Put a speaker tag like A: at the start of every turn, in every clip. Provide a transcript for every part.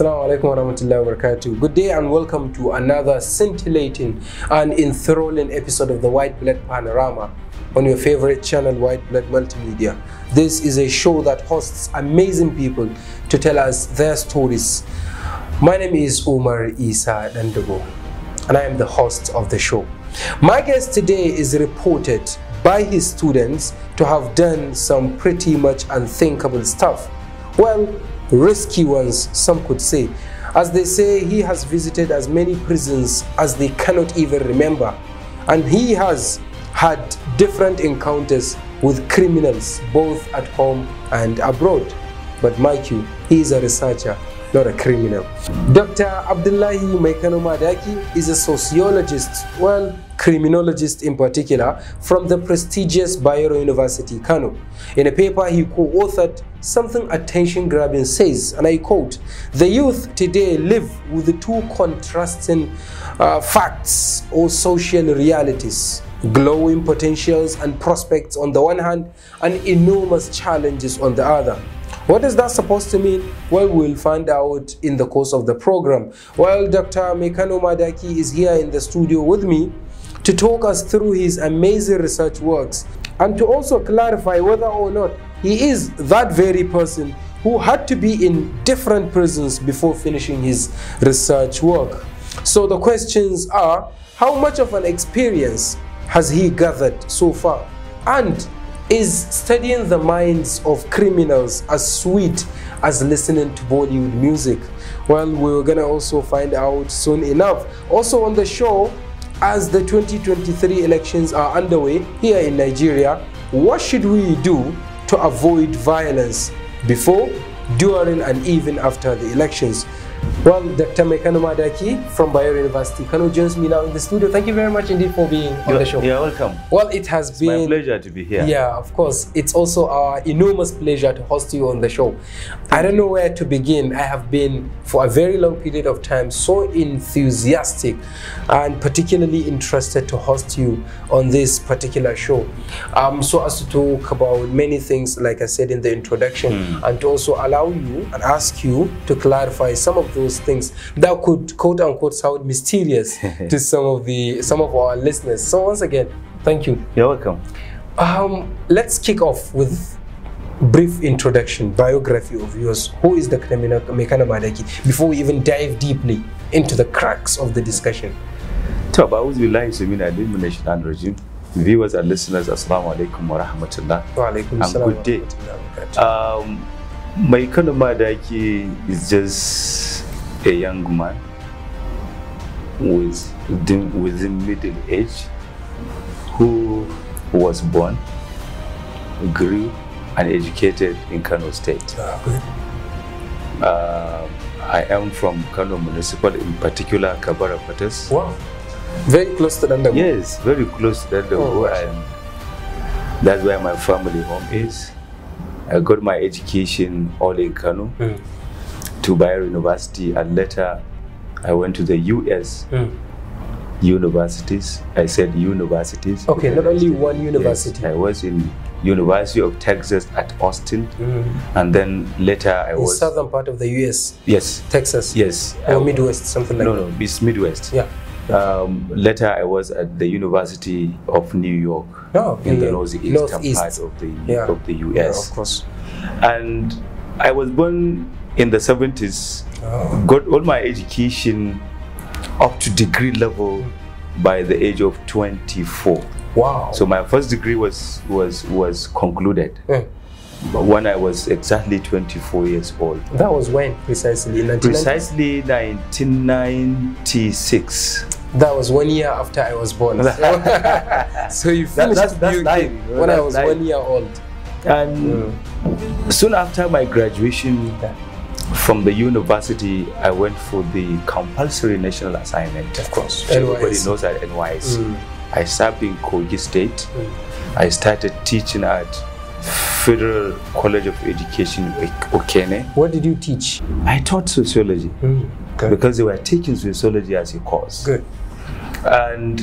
A: Assalamu alaikum warahmatullahi wabarakatuh. Good day and welcome to another scintillating and enthralling episode of the White Blood Panorama on your favorite channel, White Blood Multimedia. This is a show that hosts amazing people to tell us their stories. My name is Umar Isa Dandago and I am the host of the show. My guest today is reported by his students to have done some pretty much unthinkable stuff. Well, risky ones, some could say. As they say, he has visited as many prisons as they cannot even remember. And he has had different encounters with criminals, both at home and abroad. But mind you, he is a researcher, not a criminal. Dr. Abdullahi Maikano Madaki is a sociologist, well, criminologist in particular, from the prestigious Bayero University, Kano. In a paper he co-authored Something attention grabbing says, and I quote The youth today live with two contrasting uh, facts or social realities glowing potentials and prospects on the one hand, and enormous challenges on the other. What is that supposed to mean? Well, we'll find out in the course of the program. While Dr. Mekano Madaki is here in the studio with me to talk us through his amazing research works and to also clarify whether or not he is that very person who had to be in different prisons before finishing his research work. So the questions are, how much of an experience has he gathered so far? And is studying the minds of criminals as sweet as listening to Bollywood music? Well, we're gonna also find out soon enough. Also on the show, as the 2023 elections are underway here in Nigeria, what should we do to avoid violence before, during and even after the elections well, Dr. Mekano Madaki from Bayer University. Kano joins me now in the studio. Thank you very much indeed for being on you're, the show. You're
B: welcome. Well, it has it's been... my pleasure to be here. Yeah,
A: of course. It's also our enormous pleasure to host you on the show. Thank I don't know where to begin. I have been, for a very long period of time, so enthusiastic and particularly interested to host you on this particular show. Um, so as to talk about many things, like I said in the introduction, mm. and to also allow you and ask you to clarify some of those things that could quote unquote sound mysterious to some of the some of our listeners. So once again, thank you. You're welcome. Um, let's kick off with brief introduction, biography of yours. Who is the criminal Mekana Madaki? Before we even dive deeply into the cracks of the discussion.
B: طب أعوذ بالله السميع العليم من الشيطان الرجيم Viewers and listeners, Assalamu alaikum wa rahmatullah. Wa alaikum assalam. Good
A: day.
B: Um, my Kano is just a young man with within middle age who was born, grew, and educated in Kano State. Ah, uh, I am from Kano Municipal, in particular Kabara Patas. Wow. Very close to Dandago. Yes, very close to Dandago. Oh, and that's where my family home is. I got my education all in Kano mm. to Bayer University, and later I went to the US mm. universities. I said universities. Okay, not only one university. Yes, I was in University of Texas at Austin, mm. and then later I in was
A: southern part of the US.
B: Yes, Texas. Yes, or I, Midwest, something like no, that. No, no, Midwest. Yeah, um, later, I was at the University of New York oh, in the northeastern Northeast. part of the yeah. of the U.S. Yeah, of course. And I was born in the 70s. Oh. Got all my education up to degree level hmm. by the age of 24. Wow! So my first degree was was was concluded. Mm. When I was exactly 24 years old.
A: That was when precisely? Precisely 1996. That was one year after I was born. So, so you finished that, that's, that's when that's I was one year old. And
B: mm. soon after my graduation from the university, I went for the compulsory national assignment. Of course. everybody knows that NYC. Mm. I served in Kogi State. Mm. I started teaching at Federal College of Education, Okene. What did you teach? I taught sociology mm, because they were taking sociology as a course. Good. And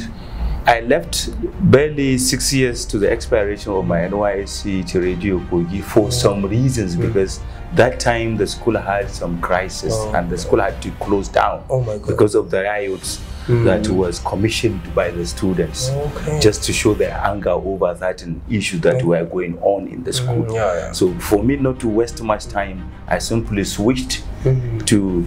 B: I left barely six years to the expiration of my NYSC Radio Kogi for some reasons mm. because that time the school had some crisis oh, and the school had to close down
A: oh because
B: of the riots mm. that hmm. was commissioned by the students okay. just to show their anger over certain issues that mm. were going on in the hmm, school. Yeah, yeah. So for me not to waste much time, I simply switched hmm. to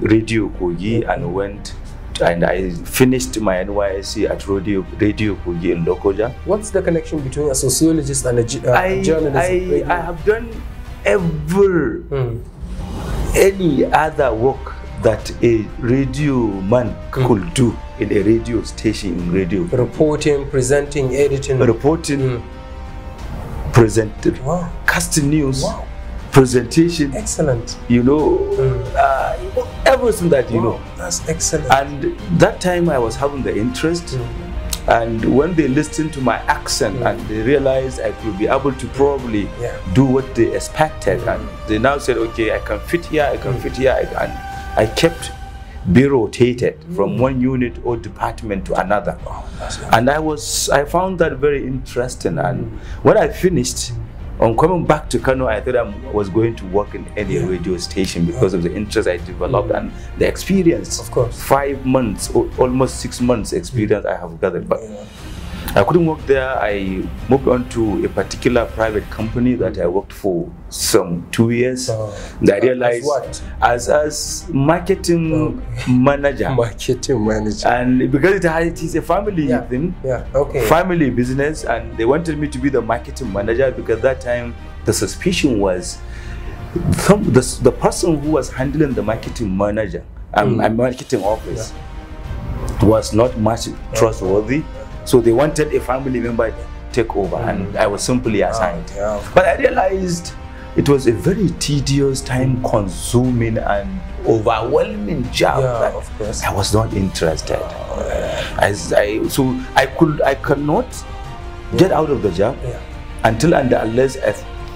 B: radio Kogi and went and I finished my NYSC at Radio, Radio Kugi in Lokoja.
A: What's the connection between a sociologist and a, uh, journalist? I, I, have done ever mm. any other work
B: that a radio man mm. could do in a radio station in radio.
A: Reporting, presenting, editing.
B: Reporting, mm. presented, wow. cast news. Wow. Presentation. Excellent. You know, mm. uh, everything that you wow. know. That's excellent. And that time I was having the interest. Mm. And when they listened to my accent mm. and they realized I could be able to probably yeah. do what they expected, mm. and they now said, okay, I can fit here, I can mm. fit here. And I kept be rotated from mm. one unit or department to another. Oh, and I was, I found that very interesting. And mm. when I finished, mm. On coming back to Kano, I thought I was going to work in any yeah. radio station because of the interest I developed and the experience. Of course. Five months, almost six months experience mm. I have gathered. But I couldn't work there. I moved on to a particular private company that I worked for some two years. Uh, I realized as, as As, marketing okay. manager. marketing manager. And because it, has it is a family yeah. thing, yeah. Okay. family business, and they wanted me to be the marketing manager because that time the suspicion was some, the, the person who was handling the marketing manager, um, mm. marketing office, yeah. was not much trustworthy. So they wanted a family member take over, mm. and I was simply assigned. Oh, yeah. But I realized it was a very tedious, time-consuming, and overwhelming job. Yeah, of course. I was not interested. Oh, yeah. I, so I could, I cannot get out of the job until and unless I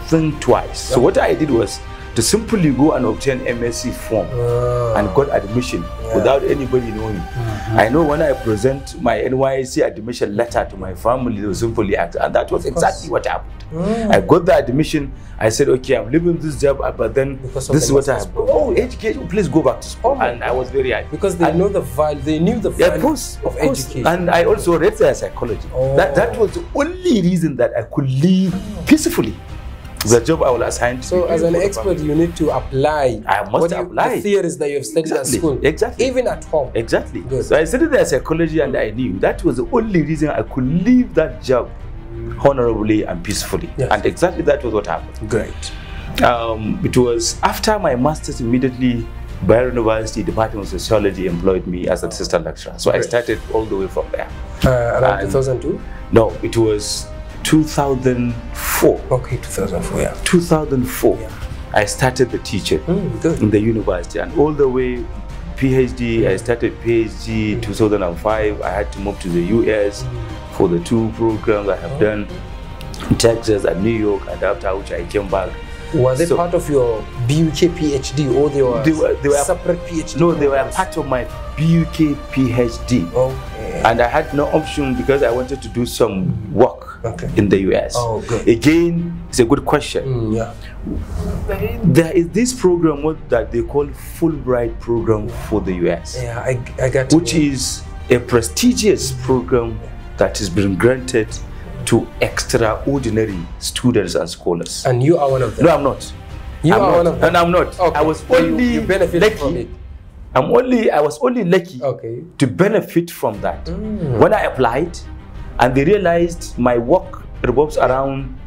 B: think twice. So what I did was to simply go and obtain MSc form
A: ah.
B: and got admission yeah. without anybody knowing. Mm-hmm. I know when I present my NYC admission letter to my family, they simply act, and that was exactly what happened. Mm. I got the admission. I said, okay, I'm leaving this job, uh, but then this is what I have. Oh, education! Please go back to school. Oh and God. I was very happy because they and know the value. They knew the value yeah, of, course, of, course. education. And I also read their psychology. Oh. That that oh. was the only reason that I could live peacefully the job I will assign. So, as an expert, you need to apply. I must what apply the theories that you have studied exactly. at school. Exactly.
A: Even at home.
B: Exactly. Good. So I studied there psychology, and I knew that was the only reason I could leave that job honorably and peacefully. Yes. And exactly that was what happened. Great. Um, it was after my master's immediately. Bayer University Department of Sociology employed me as an assistant lecturer. So Great. I started all the way from there. Uh, around 2002? No, it was 2004. Okay, 2004, yeah. 2004, yeah. I started the teaching mm, in the university and all the way PhD, hmm. I started PhD hmm. 2005. I had to move to the US hmm. for the two programs I have oh. done in Texas and New York and after which I came back
A: were they so, part of your BUK PhD or they were, they were, they were separate PhD? No, programs? they were part
B: of my BUK PhD.
A: Okay.
B: And I had no option because I wanted to do some work okay. in the US. Oh, good. Again, it's a good question. Mm, yeah. There is this program what, that they call Fulbright program for the US. Yeah, I, I got Which is a prestigious program that has been granted to extraordinary students and scholars. And
A: you are one of them. No, I'm not. You I'm are not. one of
B: them. And I'm not. Okay. I was only you, you lucky. from it. I'm only I was only lucky okay. to benefit from that. Mm. When I applied and they realized my work revolves around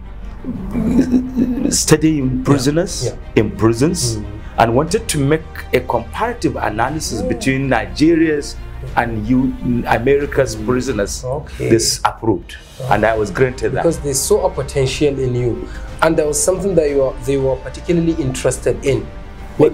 B: studying prisoners yeah. Yeah. in prisons mm. and wanted to make a comparative analysis mm. between Nigeria's and you America's mm. prisoners okay. this approved, okay. and I was granted that because
A: they saw a potential in you, and there was something that you were, they were particularly interested in. I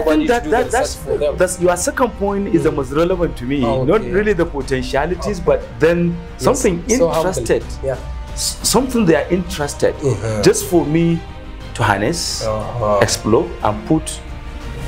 A: think that, that that's, that's, your second
B: point is mm. the most relevant to me. Ah, Not really the potentialities, but then something interested. Yeah. Something they are interested. Mm -hmm. Just for me to harness, uh -huh. explore, and put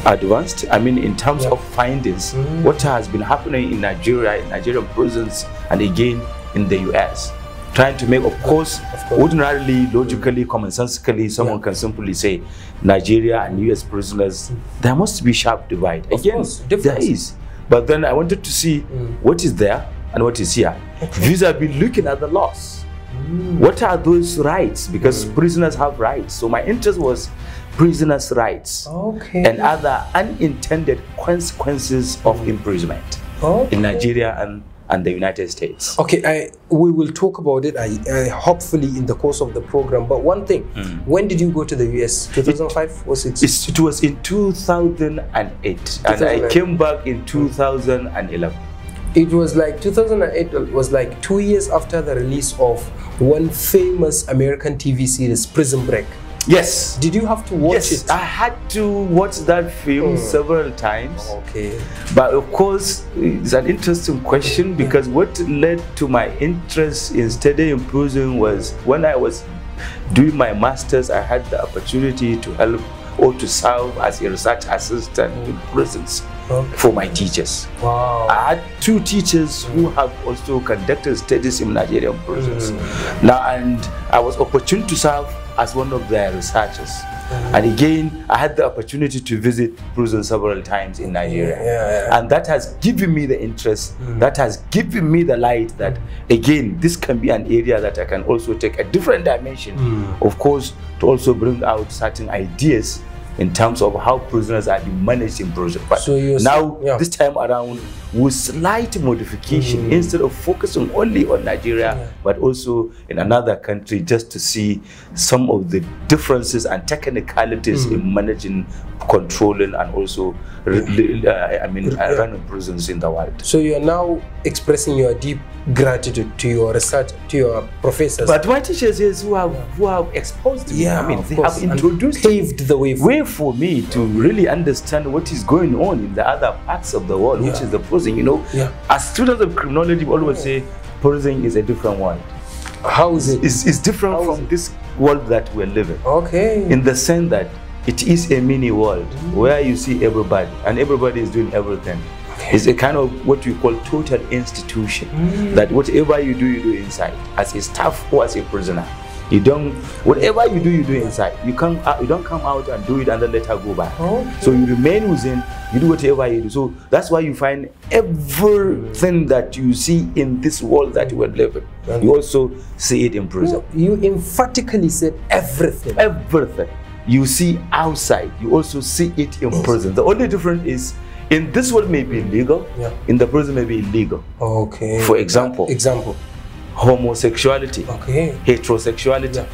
B: advanced? I mean, in terms yeah. of findings, mm what has been happening in Nigeria, in Nigerian prisons, and again in the US? Trying to make, of course, of course. ordinarily, logically, commonsensically, someone yeah. can simply say Nigeria and US prisoners, mm. there must be sharp divide. Of again, course, there is. But then I wanted to see mm. what is there and what is here. These have been looking at the laws. Mm. What are those rights? Because mm. prisoners have rights. So my interest was prisoners' rights
A: okay. and
B: other unintended consequences of mm. imprisonment okay. in Nigeria and and the United States. Okay,
A: I, we will talk about it. I, I, hopefully in the course of the program. But one thing, mm. when did you go to the US? 2005 or six? It was in 2008, 2008. and I came back in mm. 2011. It was like 2008 was like two years after the release of one famous American TV series, Prison Break.
B: Yes. Did you
A: have to watch yes, it?
B: I had to watch that film oh. several times. Okay. But of course, it's an interesting question because what led to my interest in studying prison was when I was doing my master's, I had the opportunity to help or to serve as a research assistant in prisons okay. for my teachers. Wow. I had two teachers who have also conducted studies in Nigerian prisons. Mm. Now, and I was opportune to serve as one of their researchers. Mm. And again, I had the opportunity to visit prison several times in Nigeria. Yeah, yeah. And that has given me the interest, mm. that has given me the light that, again, this can be an area that I can also take a different dimension, mm. of course, to also bring out certain ideas in terms of how prisoners are being managed in prison. But so now, yeah. this time around, with slight modification mm. instead of focusing only on Nigeria, yeah. but also in another country just to see some of the differences and technicalities mm. in mm-hmm. managing, controlling, and also, uh, I mean, uh, running
A: prisons in the world. So you are now expressing your deep gratitude to your research, to your professors. But my
B: teachers yes, who have who have exposed me. Yeah, I mean, they course. have introduced and paved the way for, way for me to really understand what is going on in the other parts of the world, which is the you know? Yeah. As students of criminology, we always say prison is a different world. How is it? It's, it's different How from it? this world that we're living.
A: Okay.
B: In the sense that it is a mini world mm. where you see everybody and everybody is doing everything. Okay. It's a kind of what we call total institution mm. that whatever you do, you do inside as a staff or as a prisoner. You don't whatever you do, you do inside. You come out, you don't come out and do it and then let her go back. Okay. Oh. So you remain within. You do whatever you do. So that's why you find everything that you see in this world that you were living. Okay. You also see it in prison. You, you emphatically said everything. Everything you see outside, you also see it in prison. The only difference is in this world may be legal, yeah. in the prison may be illegal. Okay. For example. Example homosexuality, okay. heterosexuality. Yeah.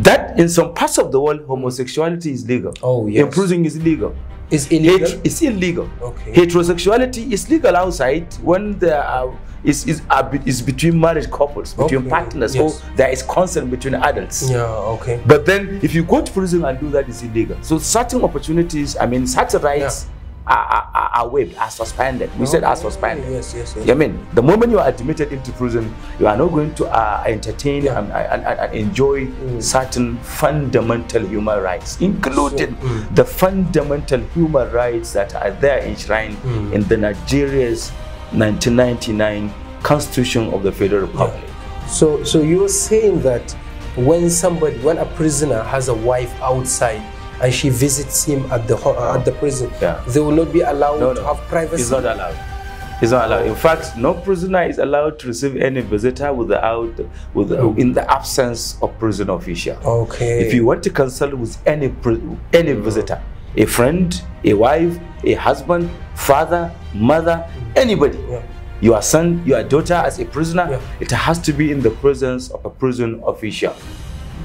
B: That in some parts of the world, homosexuality is legal. Oh, yes. Imprisoning is illegal. Is illegal. Het it's illegal. Okay. Heterosexuality is legal outside when there are is is, is between married couples, between okay. partners, yes. so there is consent between adults. Yeah, okay. But then if you go to prison and do that, it's illegal. So certain opportunities, I mean, certain rights. Yeah are, are, are waived, are suspended. We no, said are suspended. Yes, yes, yes. You I mean, the moment you are admitted into prison, you are not going to uh, entertain yeah. and, and, and, and, enjoy mm. certain fundamental human rights, including so, mm. the fundamental human rights that are there enshrined mm. in the Nigeria's 1999 Constitution of the Federal Republic. Yeah.
A: So, so you are saying that when somebody, when a prisoner has a wife outside, and she visits him at the at the prison, yeah. they will not be allowed no, no. to have privacy. It's not
B: allowed. It's not allowed. In fact, no prisoner is allowed to receive any visitor without, with, in the absence of prison official.
A: Okay. If you
B: want to consult with any any visitor, a friend, a wife, a husband, father, mother, anybody, yeah. your son, your daughter as a prisoner, yeah. it has to be in the presence of a prison official.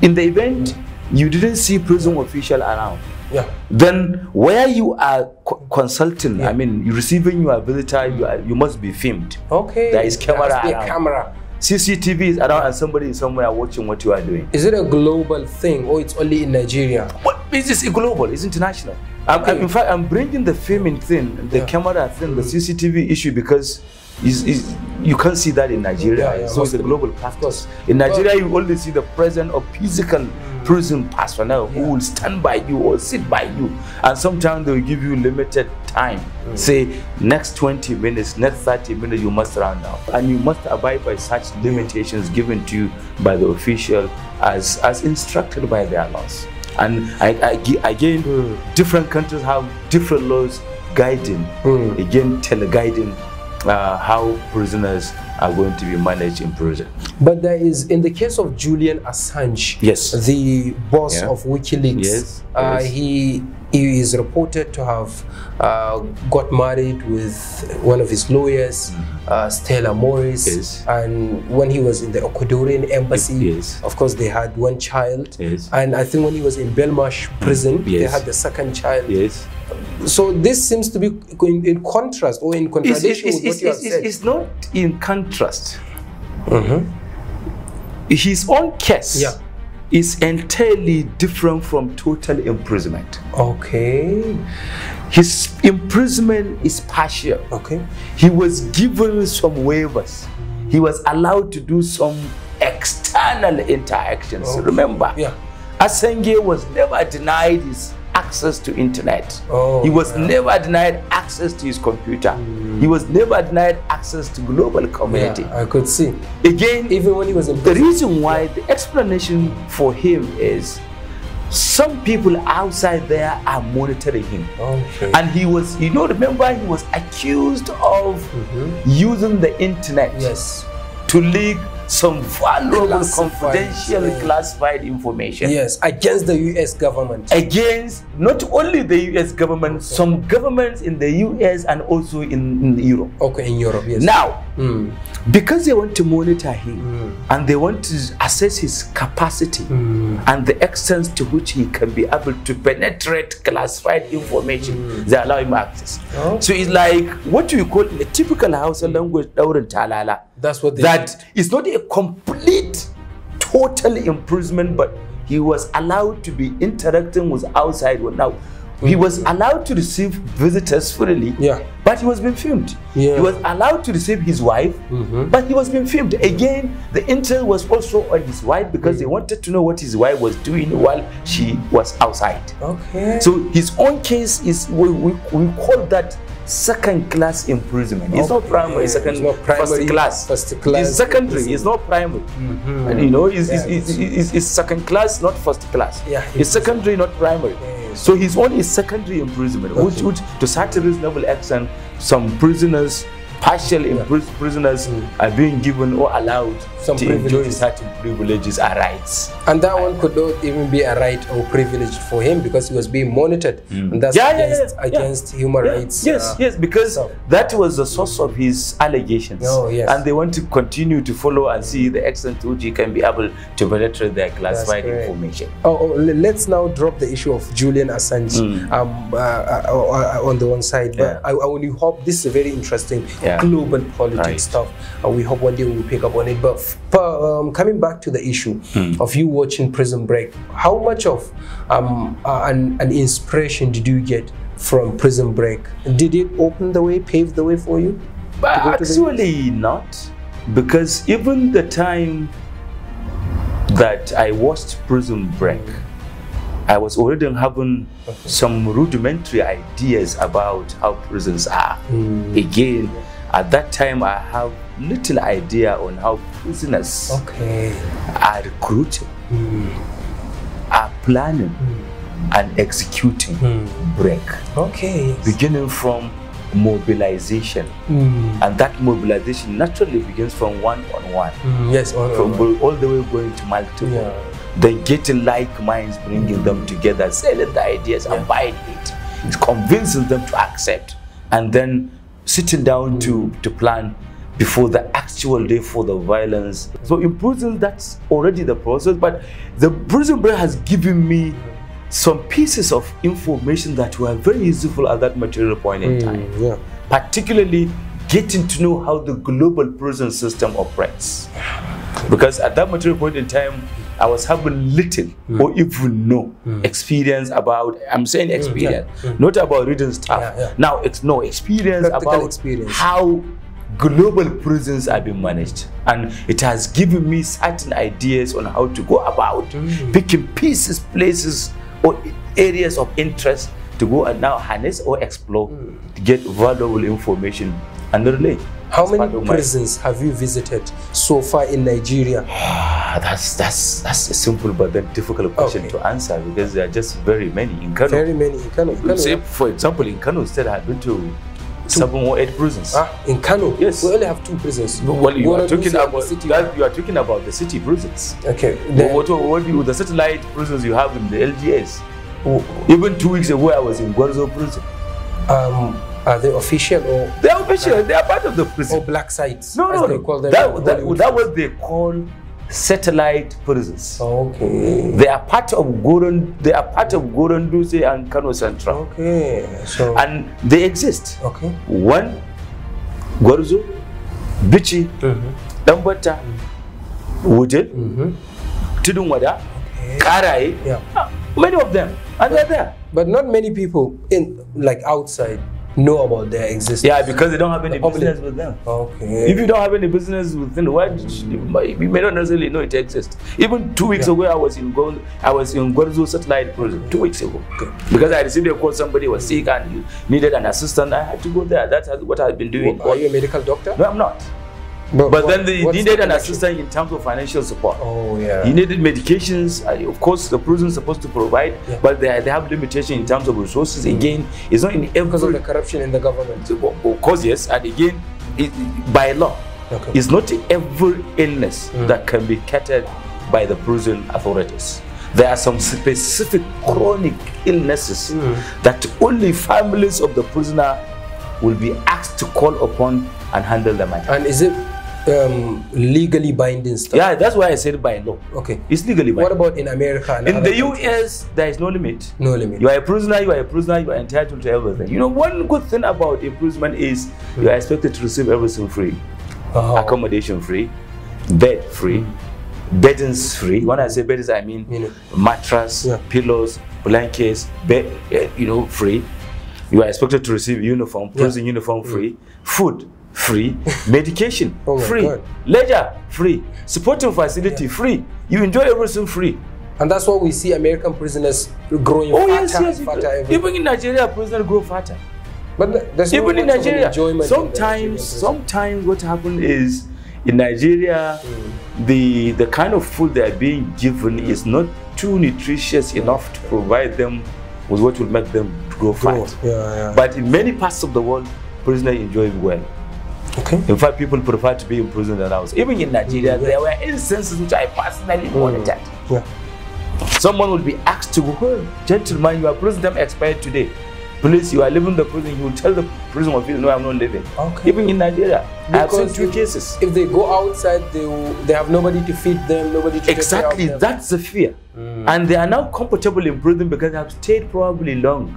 B: In the event. Mm you didn't see prison official around. Yeah. Then where you are co consulting, yeah. I mean, you receiving your visitor, you, are, you must be filmed.
A: Okay. There is camera there around. camera.
B: CCTV is around and somebody is somewhere watching what you are doing. Is it a global thing or it's only in Nigeria? What is this global, it's international. I'm, okay. I'm, in fact, I'm bringing the filming thing, the yeah. camera thing, the CCTV issue because you can't see that in Nigeria. Yeah, yeah, so it's a global practice. In Nigeria, you only see the presence of physical prison personnel who will stand by you or sit by you. And sometimes they'll give you limited time. Mm. Say, next 20 minutes, next 30 minutes, you must round up. And you must abide by such limitations given to you by the official as, as instructed by their laws. And I, I, again, mm. different countries have different laws guiding, mm. again, teleguiding uh, how prisoners are going to be managed in prison.
A: But there is, in the case of Julian Assange, yes, the boss yeah. of WikiLeaks, yes. Uh, yes. he he is reported to have uh, got married with one of his lawyers, mm-hmm. uh, Stella Morris. Yes. And when he was in the Ecuadorian embassy, yes. of course, they had one child. Yes. And I think when he was in Belmarsh prison, they had the second child. Yes. So this seems to be in, in contrast or in contradiction it's, it's, with what you have said. It's not in contrast.
B: Mm -hmm. His own case yeah. is entirely different from total imprisonment. Okay. His imprisonment is partial. Okay. He was given some waivers. He was allowed to do some external interactions. Okay. Remember, yeah. Asenge was never denied his access to internet.
A: Oh, he was yeah.
B: never denied access to his computer. Mm. He was never denied access to global community. Yeah, I could see. Again, even when he was in The reason why the explanation for him is some people outside there are monitoring him. Okay. And he was, you know, remember he was accused of mm -hmm. using the internet yes. to leak some valuable confidential classified information. Yes, against the US government. Against not only the US government, okay. some governments in the US and also in, in Europe. Okay, in Europe, yes. Now, Mm. Because they want to monitor him mm. and they want to assess his capacity mm. and the extent to which he can be able to penetrate classified information, hmm. they allow him access. Okay. So it's like what you call a typical Hausa hmm. language, talala.
A: That's what they That
B: is not a complete, total imprisonment, but he was allowed to be interacting with outside world. Now, He was allowed to receive visitors freely, yeah. but he was being filmed. Yeah. He was allowed to receive his wife, mm -hmm. but he was being filmed. Again, the intel was also on his wife because mm they wanted to know what his wife was doing while she was outside.
A: Okay. So
B: his own case is, we, we, we call that second class
A: imprisonment.
B: It's not primary, it's second, it's not primary, first class. First class. It's secondary, it's not primary. Mm-hmm. and, you know, it's, yeah, it's, it's, it's, second class, not first class. Yeah, it's secondary, not primary. Yeah, so he's only secondary imprisonment, okay. which, which to such a reasonable extent, some prisoners, partial yeah. prisoners mm are being given or allowed some privileges certain privileges are rights
A: and that one could not even be a right or privilege for him because he was being monitored mm. and that's yeah, against, yeah, yeah, against human rights yes uh, yes because so. that was
B: the source of his allegations oh, yes. and they want to continue to follow and see the extent to which he can be able to penetrate their classified information
A: oh, oh, let's now drop the issue of julian assange mm. um, uh uh, uh, uh, on the one side but I, I only hope this is a very interesting global politics right. stuff uh, we hope one day we'll pick up on it but but, um, coming back to the issue mm. of you watching Prison Break, how much of um, an, an inspiration did you get from Prison Break? Did it open the way, pave the way for you? Actually, not. Because even the time
B: that I watched Prison Break, I was already having okay. some rudimentary ideas about how prisons are. Mm. Again, at that time, I have little idea on how business okay. are recruiting, mm. are planning, mm. and executing mm. break. Okay. Beginning from mobilization. Hmm. And that mobilization naturally begins from one on one. Yes, all, from all, all, the way going to multiple. Yeah. Then getting like minds, bringing them together, selling the ideas, yeah. and buying it. It's convincing them to accept. And then sitting down to, hmm. to plan before the actual day for the violence. So in prison, that's already the process, but the prison break has given me some pieces of information that were very useful at that material point in mm, time. Yeah. Particularly getting to know how the global prison system operates. Because at that material point in time, I was having little mm. or even no mm. experience about, I'm saying hmm, experience, yeah, hmm. not about reading stuff. Yeah, now, it's no experience Practical about experience. how global prisons have been managed. And it has given me certain ideas on how to go about mm. picking pieces, places, or areas of interest to go and now harness or explore mm. to get valuable information and relate.
A: How many prisons my... have you visited so far in Nigeria? Ah,
B: that's that's that's a simple but then difficult question okay. to answer because there are just very many in Kano. Very many in Kano. In Kano Say, yeah. for example, in Kano State, I've been to Seven or eight prisons. Ah, in Kano? Yes. We only have two prisons. But well, you are, talking about, that, you are talking about the city prisons.
A: Okay. Then,
B: what, what, what the satellite prisons you have in the LGS? Oh. Even two weeks ago, I was in Guangzhou prison. Um, are they official or? They are official. Uh, they are part of the prison. Or black sites. No, no, That, that, that was they call satellite prisons. Okay. They are part of Gurun. They are part of Gurunduse and Kano Central.
A: Okay. So.
B: And they exist. Okay. One, Gorzo, Bichi, mm-hmm. Dambata, mm-hmm.
A: mm-hmm. okay. Karai. Yeah. Ah, many of them, and but, they're there. But not many people in like outside know about their existence. Yeah, because they don't have any the business with them. Okay. If you don't have any business with them, why you may not necessarily know it
B: exists. Even two weeks yeah. ago, I was in Go. I was in Gozo Satellite Prison two weeks ago okay. because I received a call. Somebody was sick and needed an assistant. I had to go there. That's what I've been doing. Well, are you a medical doctor? No, I'm not. But, but what, then they needed the an assistance in terms of financial support.
A: Oh yeah. He
B: needed medications. of course, the prison is supposed to provide, yeah. but they, they have limitation in terms of resources. Mm. Again, it's not in every because of the
A: corruption in the government. Of
B: course, yes, and again, it, by law, okay. it's not every illness mm. that can be catered by the prison authorities. There are some specific chronic illnesses mm. that only families of the prisoner will be asked to call
A: upon and handle the matter. And is it um, legally binding stuff. Yeah,
B: that's why I said by law. Okay. It's legally binding. What
A: about in America? in the countries?
B: US, there is no limit. No limit. You are a prisoner, you are a prisoner, you are entitled to everything. You know, one good thing about imprisonment is mm. you are expected to receive everything free oh. accommodation free, bed free, mm. beddings free. When I say beddings, I mean you know. mattress, yeah. pillows, blankets, bed, eh, you know, free. You are expected to receive uniform, prison yeah. uniform hmm. free, mm. food free. Oh Medication, oh free. God. Leisure, free. Supporting facility, yeah.
A: free. You enjoy everything free. And that's why we see American prisoners growing oh, fatter, yes, yes, fatter Even in Nigeria, prisoners grow fatter. But there's even no in Nigeria, sometimes,
B: sometimes what happens is in Nigeria, mm. the the kind of food they are being given mm. is not too nutritious mm. enough to provide them with what will make them grow fat. Yeah, yeah. But in many parts of the world, prisoners enjoy well. Okay. In fact, people prefer to be in prison than ours. Even in Nigeria, there were instances which I personally mm. monitored. Yeah. Someone will be asked to go, oh, gentlemen, your prison term expired today. Police, you are leaving the prison. You will tell the prison officials, no, I'm not leaving. Okay. Even in Nigeria, I've seen two cases. If they go outside, they will, they have nobody to feed them, nobody to exactly. That's
A: the fear, mm. and they are now comfortable in prison because they have stayed probably long.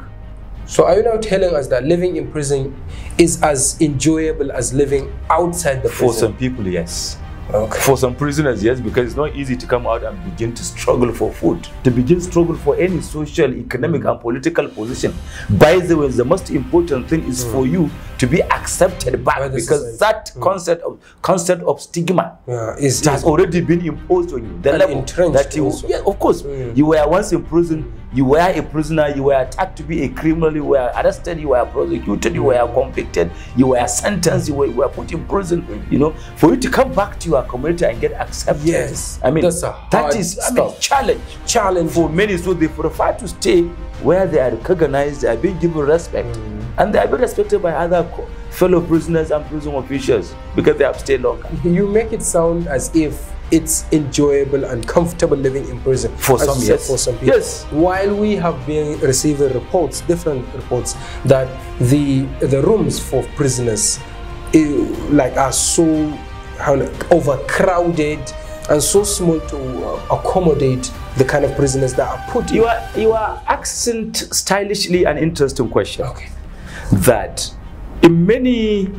A: So are you now telling us that living in prison is as enjoyable as living outside the prison? For some
B: people, yes. Okay. For some prisoners, yes, because it's not easy to come out and begin to struggle for food, to begin struggle for any social, economic, and political position. By the way, the most important thing is mm. for hmm. you to be accepted back, by because that mm. concept of concept of stigma yeah, is, has already been imposed on you. The level that you, yeah, of course, mm. you were once in prison you were a prisoner, you were attacked to be a criminal, you were arrested, you were prosecuted, you were convicted, you were sentenced, you were, you were put in prison, you know, for you to come back to your community and get accepted. Yes. I mean, that's a that is, mean, challenge. Challenge. For many, so they prefer to stay where they are recognized, they are being given respect. Mm. And they are being respected by other fellow prisoners and prison officials because they have stayed longer.
A: You make it sound as if it's enjoyable and comfortable living in prison for some years. yes. for some people. Yes. While we have been receiving reports, different reports, that the the rooms for prisoners, eh, like are so overcrowded and so small to uh, accommodate the kind of prisoners that are put. You in. are you are accent
B: stylishly an interesting question. Okay. That in many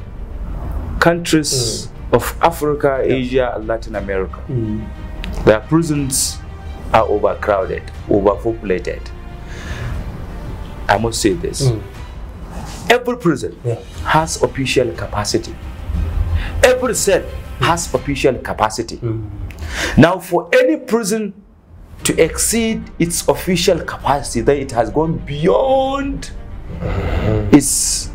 B: countries. Mm of Africa, yeah. Asia, and Latin America. Mm. Their prisons are overcrowded, overpopulated. I must say this. Mm. Every prison yeah. has official capacity. Every cell has official capacity. Mm. Now, for any prison to exceed its official capacity, then it has gone beyond mm-hmm. its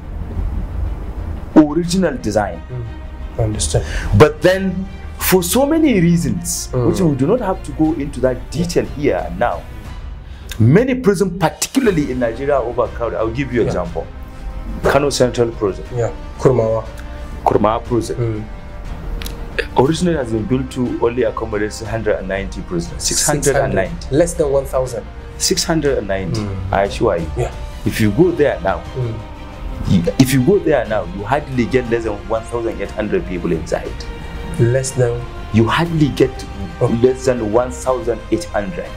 B: original design. Mm understand. But then, for so many reasons, mm. which we do not have to go into that detail here and now, many prisons, particularly in Nigeria, are overcrowded. I'll give you an yeah. example. Kano Central Prison.
A: Yeah, Kurmawa.
B: Kurmawa Prison. Mm. Originally has been built to only accommodate 690 prisoners. 690.
A: 600, less than 1,000. 690,
B: mm. I assure you. Yeah. If you go there now, mm if you go there now, you hardly get less than 1,800 people inside.
A: Less than?
B: You hardly get okay. Oh. less than 1,800.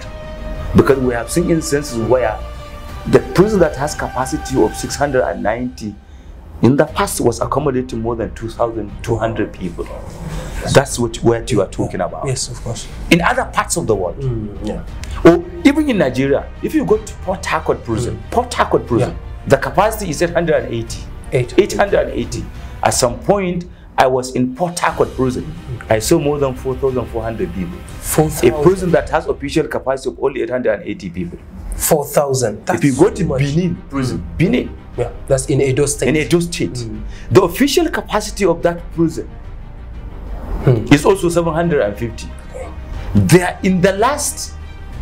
B: Because we have seen instances where the prison that has capacity of 690 in the past was accommodating more than 2,200 people. That's what, what you are talking about. Yes, of course. In other parts of the world. Mm, yeah. Or even in Nigeria, if you go to Port Harcourt prison, mm. Port Harcourt prison, yeah the capacity is 880. 880. At some point, I was in Port Harcourt prison. Okay. Mm-hmm. I saw more than 4,400 people. 4, a prison that has official capacity of only 880 people.
A: 4,000. If you go to much. Benin mm.
B: prison, Benin. Yeah,
A: that's in Edo State. In Edo State. Mm. The official capacity
B: of that prison mm. is also 750. Okay. There, in the last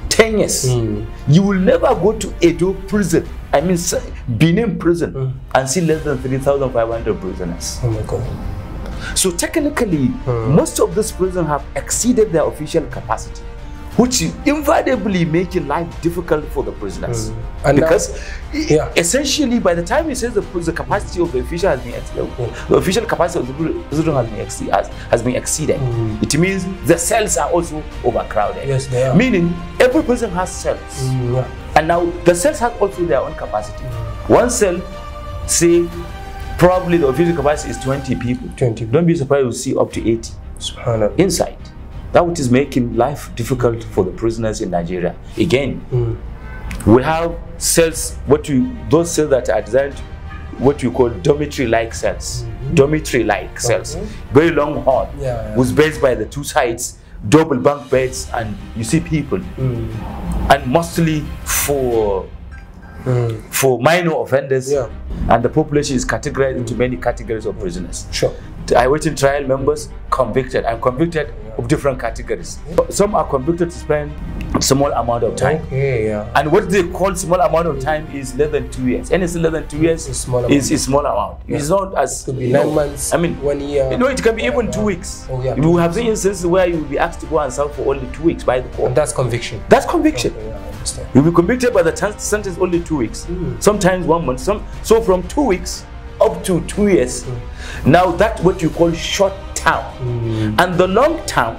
B: 10 years, mm. you will never go to Edo prison I mean, being in prison mm. and see less than 3,500 prisoners. Oh my God. So technically, mm. most of these prisons have exceeded their official capacity, which inevitably invariably making life difficult for the prisoners. Mm. because
A: now, yeah.
B: essentially, by the time he says the, the, capacity of the official has been exceeded, mm. the official capacity of the prison has been, has, has been exceeded. Mm. It means the cells are also overcrowded. Yes, they are. Meaning, every prison has cells. Mm, yeah and now the cells have also their own capacity. One cell, say, probably the official capacity is 20 people. 20. Don't be surprised to see up to 80 inside. That which is making life difficult for the prisoners in Nigeria. Again,
A: mm.
B: we have cells, what you those cells that are designed what you call dormitory-like cells, mm -hmm. dormitory-like cells, okay. very long hall, yeah, yeah. was by the two sides, double bunk beds, and you see people.
A: Mm
B: and mostly for mm. for minor offenders. Yeah. And the population is categorized into many categories of prisoners. Sure. I awaiting trial members convicted. I'm convicted of different categories. Some are convicted to spend small amount of time.
A: Okay, yeah.
B: And what they call small amount of time is less than two years. Anything less than two years is small amount. a small amount. Yeah. It's not as it could be nine months. I mean one year. You no, know, it can be even two weeks. Oh, yeah. You will have been instances where you will be asked to go and serve for only two weeks by the court. And that's conviction. That's conviction. Okay, yeah, I understand. You'll be convicted by the sentence only two weeks. Mm. Sometimes one month. Some so from two weeks up to two years. Mm. Now that's what you call short term.
A: Mm.
B: And the long term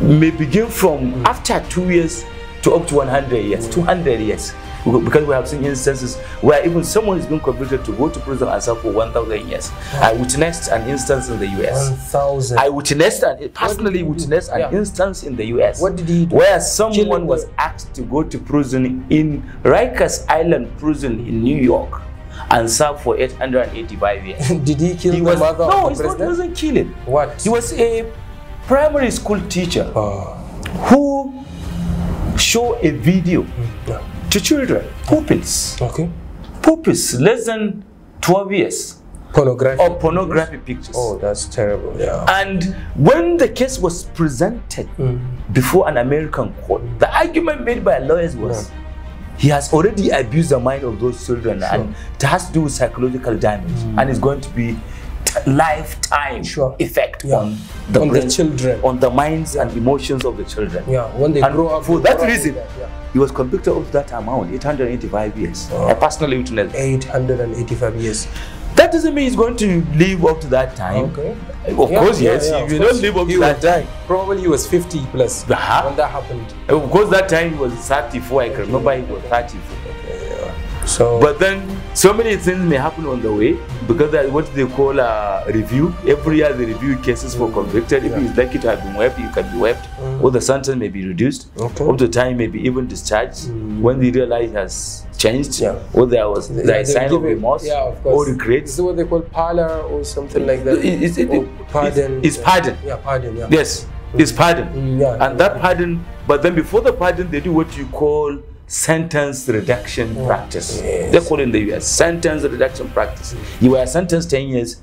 B: may begin from mm. after two years to up to 100 years, 200 years. Because we have seen instances where even someone is being convicted to go to prison and serve for 1,000 years. Wow. I witnessed an instance in the US. 1,000. I witnessed personally witnessed an yeah. instance in the US. What did he do? Where someone was asked to go to prison in Rikers Island Prison in New York and served for 885 years. Did
A: he kill he the was, mother no, of the president? No, he
B: wasn't killing. What? He was a primary school teacher oh. who showed a video hmm, yeah. to children, pupils. Okay. Pupils, less than 12 years. Pornography. Or pornography pictures. Oh, that's terrible. Yeah. And when the case was presented mm. before an American court, hmm. the argument made by lawyers was. Yeah he has already abused the mind of those children sure. and it has to do with psychological damage mm. and it's going to be lifetime sure. effect yeah. on the, on brain, the children on the minds and emotions of the children yeah when they and grow up for that reason that, yeah. he was convicted of that amount 885 years oh. i personally witnessed 885 years that doesn't mean he's going to live up to that time. Okay. Of yeah, course, yeah, yes. Yeah, if you don't live up to that time. Probably he was 50 plus uh -huh. when
A: that happened. Of
B: course, that time he was 34. I can remember he was 34. Okay, so, but then so many things may happen on the way because that's what they call a review. Every year they review cases for convicted. If yeah. you like it to have been whipped, you can be whipped. Mm. Or the sentence may be reduced. Okay. Up to time may be even discharged mm. when they realize has changed yeah. or there was yeah, the sign of remorse yeah, of or regret. Is
A: it what they call parlor or something like that? Is It, it, pardon. It's, it's pardon. Yeah, pardon. Yeah.
B: Yes, mm. it's pardon. Mm, yeah, and that pardon, but then before the pardon, they do what you call sentence reduction practice. Yes. They call it in the US sentence reduction practice. You were sentenced 10 years,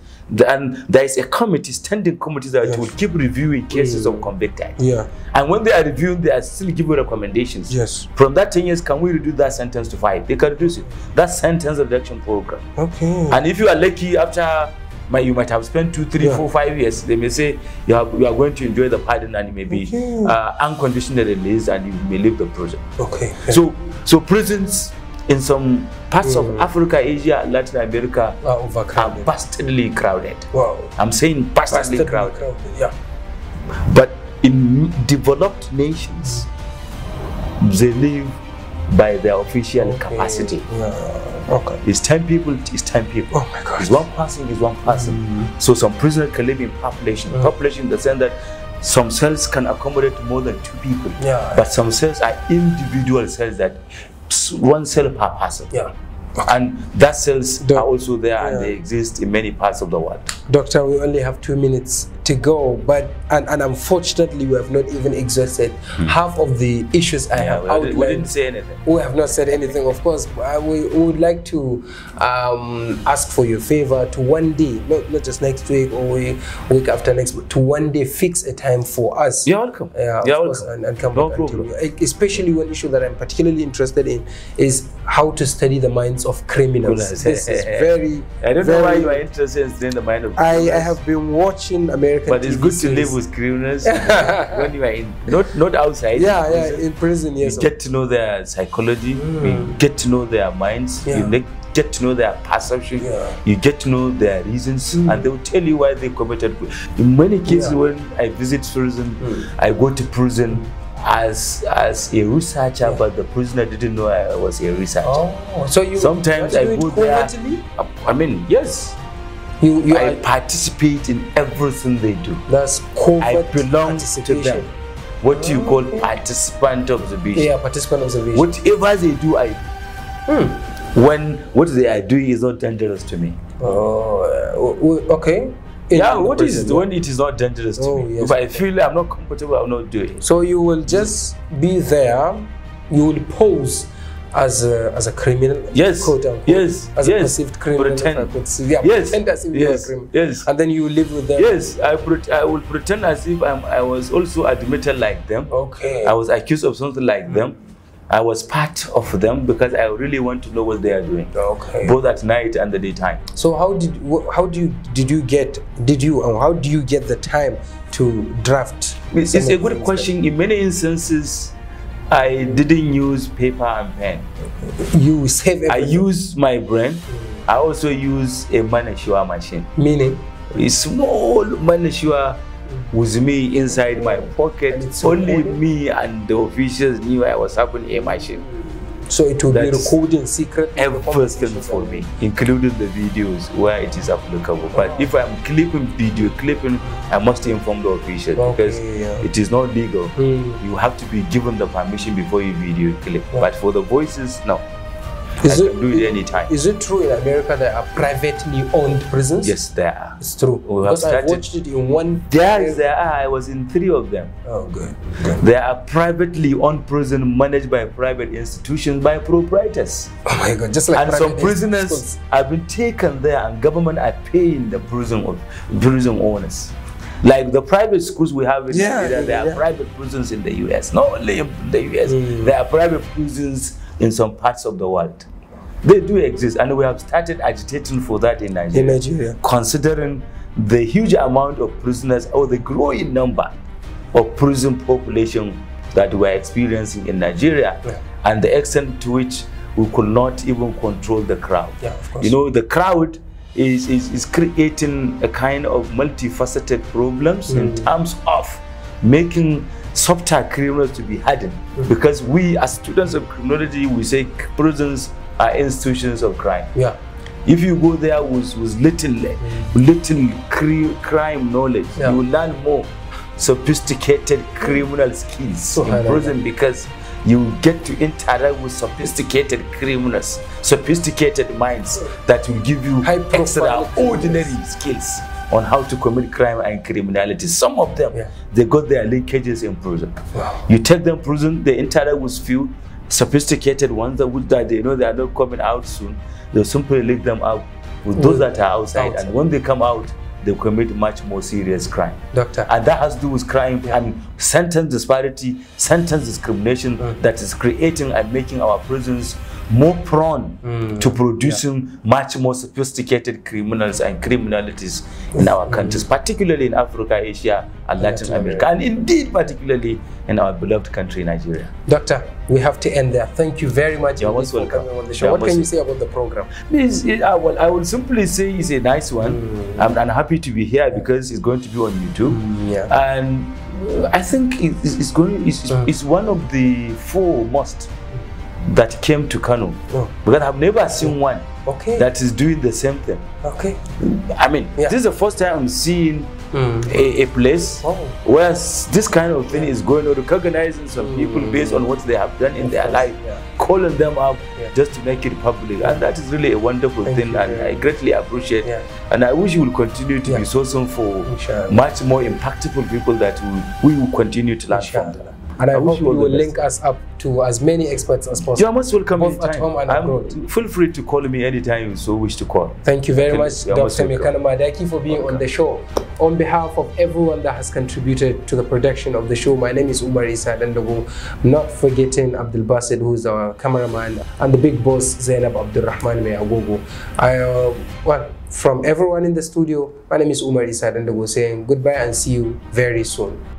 B: and there is a committee, standing committee that yes. will keep reviewing cases mm. of convicted. Yeah. And when they are reviewing, they are still giving recommendations. Yes. From that 10 years, can we reduce that sentence to five? They can reduce it. That sentence reduction program.
A: Okay. And
B: if you are lucky, after but you might have spent two, three, yeah. four, five years. They may say you, have, you are going to enjoy the pardon and you may be okay. uh, unconditionally released and you may leave the prison. Okay. So, so prisons in some parts mm. of Africa, Asia, Latin America are, overcrowded. are crowded. Wow. I'm saying vastly crowded. crowded. Yeah. But in developed nations, they live by their official okay. capacity. Yeah. Okay. It's 10 people, it's 10 people. Oh my God. It's one person, it's one person. Mm So some prisoners can live in population. Mm Population in the sense that some cells can accommodate more than two people. Yeah. But some cells are individual cells that one cell per person. Yeah. And that cells are also there yeah. and they exist in many parts of the world.
A: Doctor, we only have two minutes to go, but and, and unfortunately, we have not even exhausted hmm. half of the issues I have yeah, outlined. We didn't say anything. We have not said anything. Of course, we, we would like to um, ask for your favor to one day, not, not just next week or week, week after next, but to one day fix a time for us. You're welcome. Yeah, You're welcome. Course, and, and, come no back problem. especially one issue that I'm particularly interested in is how to study the minds of criminals. this is very. I don't very, know why you are
B: interested in the mind of. Criminals. I, I
A: have been watching American American. But it's good to live with
B: criminals when you are in not not outside. Yeah, in prison, yeah,
A: in prison. Yes, you get
B: to know their psychology. Mm. You get to know their minds. Yeah. You get to know their perception. Yeah. You get to know their reasons, mm. and they will tell you why they committed. In many cases, yeah. when I visit prison, mm. I go to prison. as as a researcher, yeah. but the prisoner didn't know I was a researcher. Oh, so you sometimes I go there. I mean, yes. You, you I are, participate in everything they do. That's covert I belong to them. What do you call participant observation. Yeah,
A: participant observation.
B: Whatever they do, I hmm. when what they are doing is not dangerous to me. Oh, uh, okay. In yeah, What is when it is not dangerous to oh, me? Yes, if I feel I'm not comfortable, I'll not do it.
A: So you will just be there. You will pose as a, as a criminal. Yes. Quote unquote, yes. As yes. a perceived criminal. Pretend. yeah, yes. Pretend as if yes. you're a criminal.
B: Yes. And then you live with them. Yes. I, I will pretend as if I'm, I was also admitted like them. Okay. I was accused of something like them. I was part of them because I really want to know what they are doing, okay. both at night and the daytime.
A: So how did how do you did you get did you how do you get the time to draft? It's, it's a good question. That? In many
B: instances, I
A: didn't use
B: paper and
A: pen. You
B: save I use my brain. I also use a manicure machine. Meaning? A small manicure with me inside my pocket. Only me and the officials knew I was having a machine.
A: So it will that be recording
B: secret everything for me, including the videos where it is applicable. But if I'm clipping video clipping, I must inform the official okay, because yeah. it is not legal. Mm. You have to be given the permission before you video clip. Yeah. But for the voices, no. Is I it, can do it, anytime. Is it true in America there are privately owned prisons? Yes, there are. It's true. We because I watched it in one. There, there are. I was in three of them. Oh, good. good. There are privately owned prisons managed by private institutions by proprietors. Oh my God! Just like and some prisoners have been taken there, and government are paying the prison of prison owners. Like the private schools we have in yeah, there yeah. are private prisons in the US. Not only in the US, mm. there are private prisons in some parts of the world. They do exist, and we have started agitating for that in Nigeria. In Nigeria. Considering the huge amount of prisoners or the growing number of prison population that we're experiencing in Nigeria yeah. and the extent to which we could not even control the crowd. Yeah, you know, the crowd is, is, is creating a kind of multifaceted problems mm. in terms of making softer criminals to be hardened. Mm. Because we, as students of criminology, we say prisons are institutions of crime. Yeah. If you go there with, with little, mm. little crime knowledge, yeah. you learn more sophisticated criminal skills so in prison because you get to interact with sophisticated criminals, sophisticated minds that will give you extraordinary skills on how to commit crime and criminality. Some of them, yeah. they got their linkages in prison. Wow. You take them prison, the interact with few sophisticated ones that would die. They know they are not coming out soon. They simply link them out with those mm. that are outside. outside. And when they come out, they commit much more serious crime. Doctor. And that has to do with crime yeah. and sentence disparity, sentence discrimination mm. that is creating and making our prisons more prone mm. to producing yeah. much more sophisticated criminals and criminalities in our countries, mm. particularly in Africa, Asia, and Latin, America, and indeed particularly in our beloved country, Nigeria. Doctor, we have to end there. Thank you very much You're most welcome. on the show. You're what can you say
A: about the program?
B: Please, I, will, I will simply say it's a nice one. Mm. I'm, I'm, happy to be here because it's going to be on YouTube. Mm, yeah. And I think it's, it's going. It's, mm. it's one of the four most that came to Kano. Oh. Because I've never oh. seen one okay. that is doing the same thing. Okay. I mean, yeah. this is the first time I'm seeing mm. a, a, place oh. where this kind of thing yeah. is going on, recognizing some mm. people based on what they have done in their life, yeah. calling them up just to make it public. And that is really a wonderful Thank thing, you, and I greatly appreciate. And I wish you will continue to be sourcing for Inshallah. much more impactful people that we, will continue to learn Inshallah. from. And I, I hope you will link
A: us up to as many experts as possible. You are most welcome. Both at home and I'm,
B: Feel free to call me anytime you so wish to call. Thank you very can, much, Dr. Mekano
A: Madaki, for being welcome. on the show. On behalf of everyone that has contributed to the production of the show, my name is Umar Isa Dandago, not forgetting Abdul Basid, who is our cameraman, and the big boss, Zainab Abdurrahman Meagogo. Meyagogo. I, uh, well, from everyone in the studio, my name is Umar Isa Dandago saying goodbye and see you very soon.